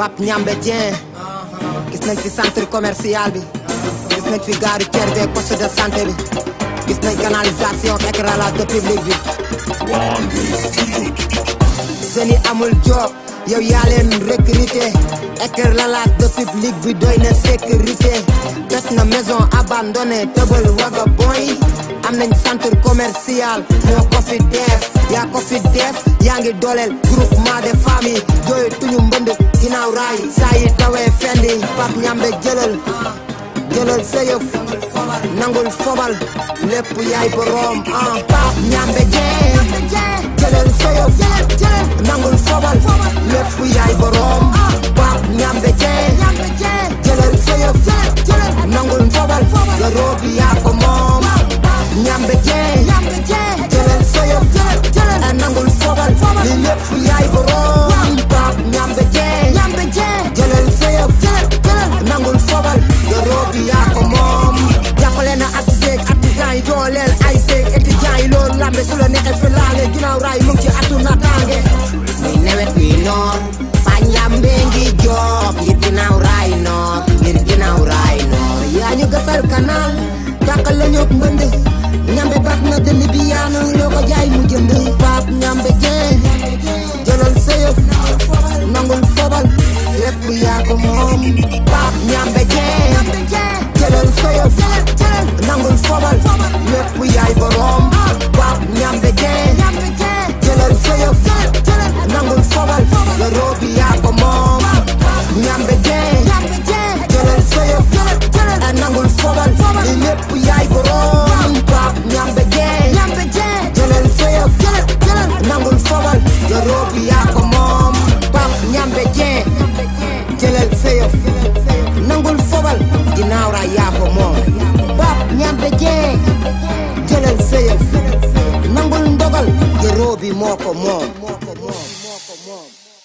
Pap Niambé Dieng gis fi centre commercial bi gis nañ fi gaaru ceer poste de santé bi gis nañ canalisation éclairage de public bi seni amul job yow yaa leen recruté éclairage de public bi doy na sécurité des na maison abandonnée tëbal waga boy am nañ centre commercial moo ko fi def yaa ko fi def yaa ngi dooleel groupement de famille jooyu tuñu mbënd ginnaaw raay saa tawee fendi pap ñambe jëlal jëlal sa nangul fobal lépp yaay boroom ah pap ñambe jëlal sa nangul fobal lépp yaay boroom ah. Jalan saya Anangul fobal Linyap fiyai borong Bab nyam beje Jalan saya Anangul fobal Yorobi ako mom Yakolena at zek at design Dolel Isaac Eti jay lon Lambe sula nekel felale Ginaw ray mungki atu natange May newet pinon Panyam bengi job Ngir ginaw ray no Ngir ginaw ray no Yanyo gasar kanal Takal lanyok mende na deli bi yaa na yoo ko jaay mu jënd paap ñambe fobal lépp yaa ko moom Moby more for more more, for more.